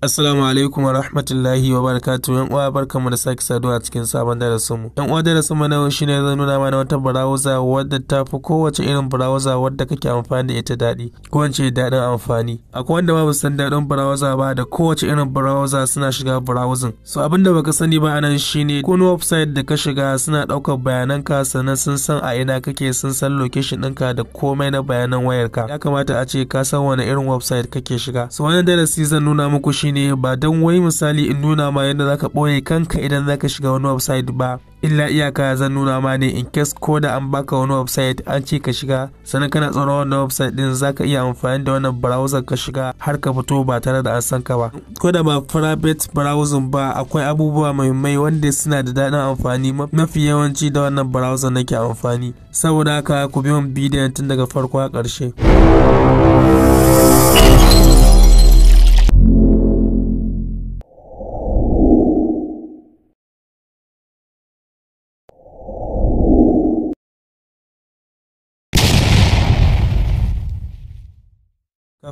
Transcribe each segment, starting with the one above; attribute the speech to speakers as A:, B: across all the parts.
A: Assalamu alaikum wa rahmatullahi wa barakatuh yan uwa barkamu da sake saduwa cikin sabon darasin mu. Yan uwa darasin mu na yau shine zan nuna mana wata browser wadda ta fi kowace irin browser wadda kake amfani da ita daɗi ko in ce daɗin amfani. Akwai wanda babu san daɗin browser ba da kowace irin browser suna shiga browsing. So abin da baka sani ba anan shine kun website da ka shiga suna ɗaukar bayananka sannan sun san a ina kake sun san location ɗinka da komai na bayanan wayarka. Ya kamata a ce ka san wani irin website kake shiga. So wannan darasi zan nuna muku shi shine ne ba don wai misali in nuna ma yadda zaka ɓoye kanka idan zaka shiga wani website ba illa iyaka zan nuna ma ne in case ko da an baka wani website an ce ka shiga sannan kana tsoron wannan website din zaka iya amfani da wannan browser ka shiga har ka fito ba tare da an san ka ba ko da ba private browser ba akwai abubuwa muhimmai wanda suna da daɗin amfani mafi yawanci da wannan browser nake amfani saboda haka ku bi bidiyon tun daga farko a ƙarshe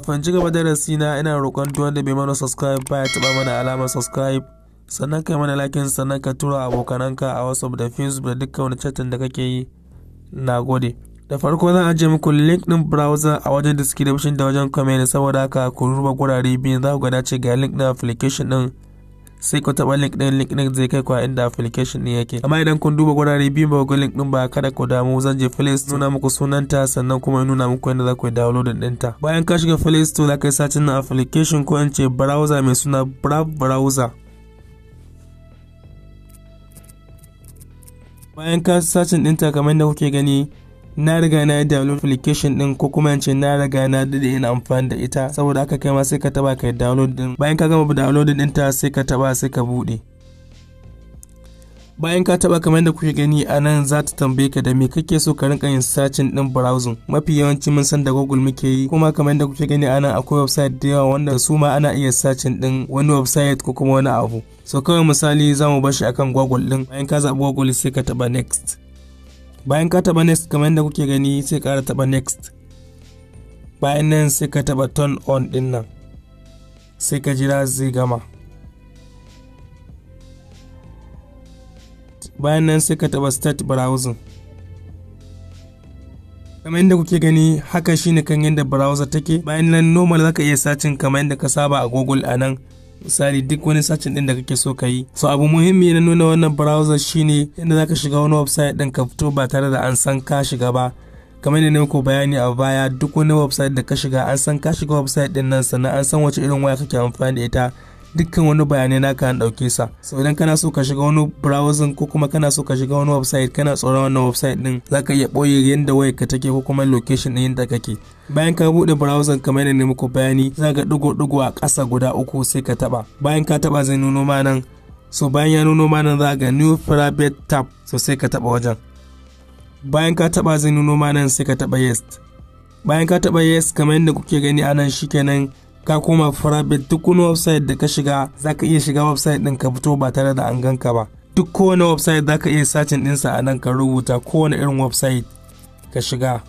A: Kafin ci gaba darasi na ina roƙon duk da bai mana subscribe ba ya taɓa mana alamar subscribe sannan kai mana lakin sannan ka tura abokananka a WhatsApp da Facebook da dukkan wani chatting da kake yi. na gode. Da farko zan ajiye muku link din browser a wajen description da wajen comment saboda haka ku ruba gurare biyu za ku ga dace ga link na application ɗin sai ku taɓa link ɗin link ɗin zai kai ku a inda application ɗin yake amma idan kun duba gurare biyu ba ko link ɗin ba kada ku damu zan je play store nuna muku sunanta sannan kuma nuna muku yadda za ku yi ɗin ta bayan ka shiga play store za ka yi sacin na application ko in ce browser mai suna brav browser bayan ka sacin ɗinta kamar yadda kuke gani na riga na yi download application din ko kuma ce na riga na dade ina amfani da ita saboda aka kai ma sai ka taba kai download din bayan ka gama download din ta sai ka taba sai ka bude bayan ka taba kamar da kuke gani a nan za ta tambaye ka da me kake so ka rinka yin searching din browsing mafi yawanci mun san da google muke yi kuma kamar da kuke gani a nan akwai website da yawa wanda su ma ana iya searching din wani website ko kuma wani abu so kawai misali za mu bashi akan google din bayan ka zaɓi google sai ka taba next bayan ka taba next kamar yadda kuke gani sai ka taba next bayan nan sai ka taba turn on din nan sai ka jira zai gama bayan nan sai ka taba start browsing kamar yadda kuke gani haka shine kan yadda browser take bayan nan normal zaka iya sacin kamar yadda ka saba a google a nan misali duk wani sacin din da kake so ka yi so abu muhimmi na nuna wannan browser shine inda zaka shiga wani website din ka fito ba tare da an san ka shiga ba kamar ne muku bayani a baya duk wani website da ka shiga an san ka shiga website din nan sannan an san wace irin waya kake amfani da ita dukkan wani bayanai naka an ɗauke sa so idan kana so ka shiga wani browsing ko kuma kana so ka shiga wani website kana tsoron wannan website din zaka iya ɓoye yadda wayar ka take ko kuma location din yadda kake bayan ka bude browsing kamar yadda muku bayani za ka dugo ɗigo a ƙasa guda uku sai ka taɓa bayan ka taɓa zai nuno ma nan so bayan ya nuno ma nan za ga new private tab so sai ka taɓa wajen bayan ka taɓa zai nuno ma nan sai ka taɓa yes bayan ka taɓa yes kamar yadda kuke gani anan shikenan ka koma private duk wani website da ka shiga za ka iya shiga website din ka fito ba tare da an ganka ba duk kowane website za ka iya sacin dinsa a nan ka rubuta kowane irin website ka shiga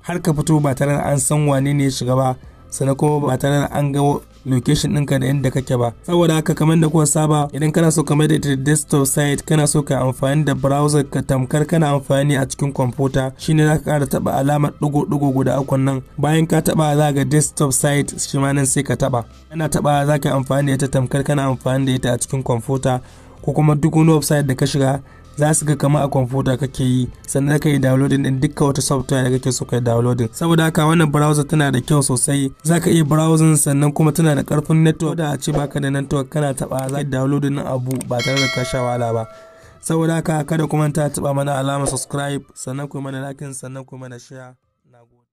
A: har ka fito ba tare da an san wane ne ya shiga ba sannan kuma ba tare da an ga location ɗinka da inda kake ba saboda haka kamar da kuma saba idan kana so kamar da ita desktop site kana so ka amfani da browser ka tamkar kana amfani a cikin kwamfuta shine zaka ƙara taba alamar ɗigo ɗigo guda uku nan bayan ka taba za ga desktop site shi ma nan sai ka taba kana taba za ka amfani da ita tamkar kana amfani da ita a cikin kwamfuta ko kuma duk wani website da ka shiga za su ga kama a kwamfuta kake yi sannan ka yi downloading din dukkan wata software da kake so ka yi downloading saboda haka wannan browser tana da kyau sosai za ka iya browsing sannan kuma tana da karfin network da a ce baka da network kana taba za ka downloading abu ba tare da ka sha wahala ba saboda haka kada kuma ta taba mana alamar subscribe sannan kuma mana like sannan kuma mana share